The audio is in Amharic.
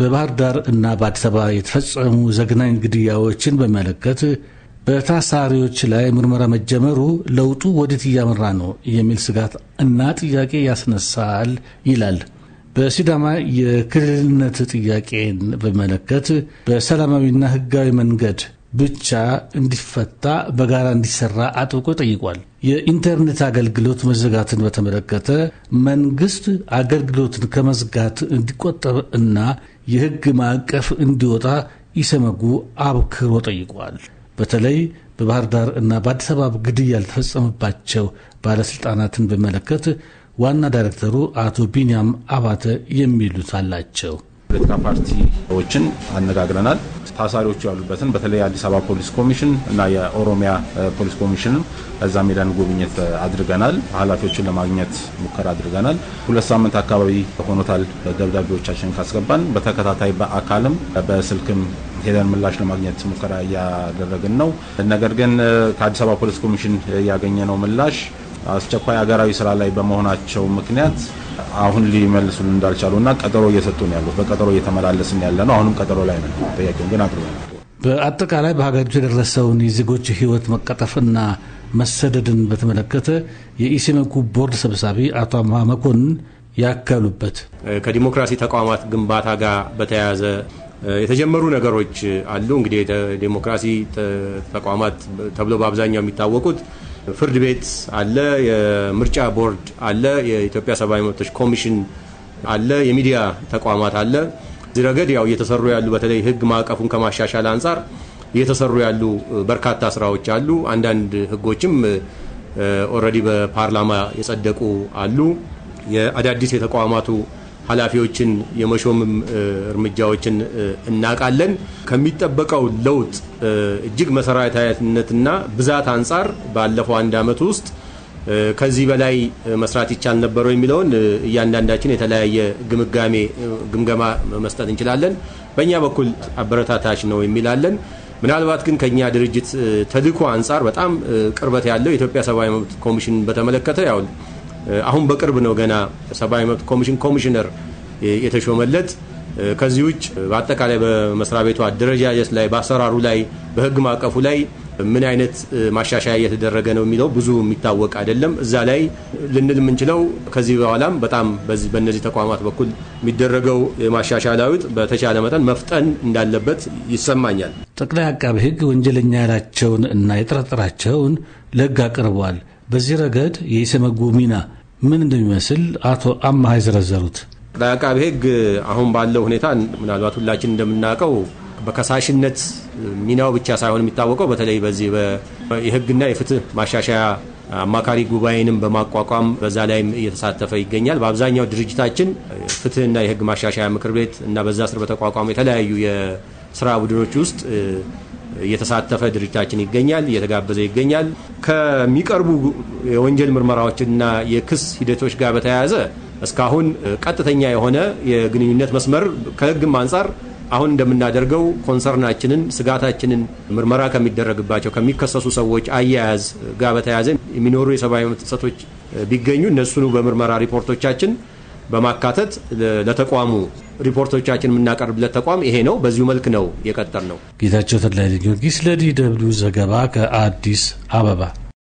በባህር ዳር እና በአዲስ አበባ የተፈጸሙ ዘግናኝ ግድያዎችን በሚመለከት በታሳሪዎች ላይ ምርመራ መጀመሩ ለውጡ ወዴት እያመራ ነው የሚል ስጋት እና ጥያቄ ያስነሳል ይላል። በሲዳማ የክልልነት ጥያቄን በሚመለከት በሰላማዊና ሕጋዊ መንገድ ብቻ እንዲፈታ በጋራ እንዲሰራ አጥብቆ ጠይቋል። የኢንተርኔት አገልግሎት መዘጋትን በተመለከተ መንግስት አገልግሎትን ከመዝጋት እንዲቆጠብ እና የህግ ማዕቀፍ እንዲወጣ ኢሰመጉ አብክሮ ጠይቋል። በተለይ በባህር ዳር እና በአዲስ አበባ ግድያ ያልተፈጸመባቸው ባለስልጣናትን በመለከት ዋና ዳይሬክተሩ አቶ ቢንያም አባተ የሚሉት አላቸው። ፖለቲካ ፓርቲዎችን አነጋግረናል። ታሳሪዎቹ ያሉበትን በተለይ አዲስ አበባ ፖሊስ ኮሚሽን እና የኦሮሚያ ፖሊስ ኮሚሽንም እዛ ሜዳን ጉብኝት አድርገናል። ኃላፊዎችን ለማግኘት ሙከራ አድርገናል። ሁለት ሳምንት አካባቢ ሆኖታል ደብዳቤዎቻችን ካስገባን። በተከታታይ በአካልም በስልክም ሄደን ምላሽ ለማግኘት ሙከራ እያደረግን ነው። ነገር ግን ከአዲስ አበባ ፖሊስ ኮሚሽን ያገኘነው ምላሽ አስቸኳይ ሀገራዊ ስራ ላይ በመሆናቸው ምክንያት አሁን ሊመልሱልን እንዳልቻሉ እና ቀጠሮ እየሰጡ ነው ያሉት። በቀጠሮ እየተመላለስን ያለ ነው። አሁንም ቀጠሮ ላይ ነው። ጥያቄውን ግን አቅርበ በአጠቃላይ በሀገሪቱ የደረሰውን የዜጎች ህይወት መቀጠፍና መሰደድን በተመለከተ የኢሰመኮ ቦርድ ሰብሳቢ አቶ አምሃ መኮንን ያከሉበት ከዲሞክራሲ ተቋማት ግንባታ ጋር በተያያዘ የተጀመሩ ነገሮች አሉ። እንግዲህ ዲሞክራሲ ተቋማት ተብሎ በአብዛኛው የሚታወቁት ፍርድ ቤት አለ፣ የምርጫ ቦርድ አለ፣ የኢትዮጵያ ሰብአዊ መብቶች ኮሚሽን አለ፣ የሚዲያ ተቋማት አለ። እዚህ ረገድ ያው እየተሰሩ ያሉ በተለይ ህግ ማዕቀፉን ከማሻሻል አንጻር እየተሰሩ ያሉ በርካታ ስራዎች አሉ። አንዳንድ ህጎችም ኦልሬዲ በፓርላማ የጸደቁ አሉ። የአዳዲስ የተቋማቱ ኃላፊዎችን የመሾም እርምጃዎችን እናውቃለን። ከሚጠበቀው ለውጥ እጅግ መሰረታዊነትና ብዛት አንጻር ባለፈው አንድ ዓመት ውስጥ ከዚህ በላይ መስራት ይቻል ነበረው የሚለውን እያንዳንዳችን የተለያየ ግምጋሜ ግምገማ መስጠት እንችላለን። በእኛ በኩል አበረታታች ነው የሚላለን። ምናልባት ግን ከኛ ድርጅት ተልኮ አንጻር በጣም ቅርበት ያለው የኢትዮጵያ ሰብአዊ መብት ኮሚሽን በተመለከተ ያው አሁን በቅርብ ነው ገና ሰብአዊ መብት ኮሚሽን ኮሚሽነር የተሾመለት። ከዚህ ውጭ በአጠቃላይ በመስሪያ ቤቱ አደረጃጀት ላይ በአሰራሩ ላይ በህግ ማዕቀፉ ላይ ምን አይነት ማሻሻያ እየተደረገ ነው የሚለው ብዙ የሚታወቅ አይደለም። እዛ ላይ ልንል የምንችለው ከዚህ በኋላም በጣም በእነዚህ ተቋማት በኩል የሚደረገው የማሻሻያ ለውጥ በተቻለ መጠን መፍጠን እንዳለበት ይሰማኛል። ጠቅላይ አቃቢ ህግ ወንጀለኛ ያላቸውን እና የጠረጠራቸውን ለህግ አቅርቧል። በዚህ ረገድ የኢሰመጉ ሚና ምን እንደሚመስል አቶ አማሃ የዘረዘሩት ለአቃቤ ሕግ አሁን ባለው ሁኔታ ምናልባት ሁላችን እንደምናውቀው በከሳሽነት ሚናው ብቻ ሳይሆን የሚታወቀው በተለይ በዚህ የሕግና የፍትህ ማሻሻያ አማካሪ ጉባኤንም በማቋቋም በዛ ላይም እየተሳተፈ ይገኛል። በአብዛኛው ድርጅታችን ፍትህና የሕግ ማሻሻያ ምክር ቤት እና በዛ ስር በተቋቋሙ የተለያዩ የስራ ቡድኖች ውስጥ እየተሳተፈ ድርጅታችን ይገኛል፣ እየተጋበዘ ይገኛል። ከሚቀርቡ የወንጀል ምርመራዎችና የክስ ሂደቶች ጋር በተያያዘ እስካሁን ቀጥተኛ የሆነ የግንኙነት መስመር ከህግም አንጻር አሁን እንደምናደርገው ኮንሰርናችንን፣ ስጋታችንን ምርመራ ከሚደረግባቸው ከሚከሰሱ ሰዎች አያያዝ ጋር በተያያዘ የሚኖሩ የሰብአዊ መብት ጥሰቶች ቢገኙ እነሱኑ በምርመራ ሪፖርቶቻችን በማካተት ለተቋሙ ሪፖርቶቻችን የምናቀርብለት ተቋም ይሄ ነው። በዚሁ መልክ ነው የቀጠር ነው። ጌታቸው ተድላይ ጊዮርጊስ ለዲ ደብልዩ ዘገባ ከአዲስ አበባ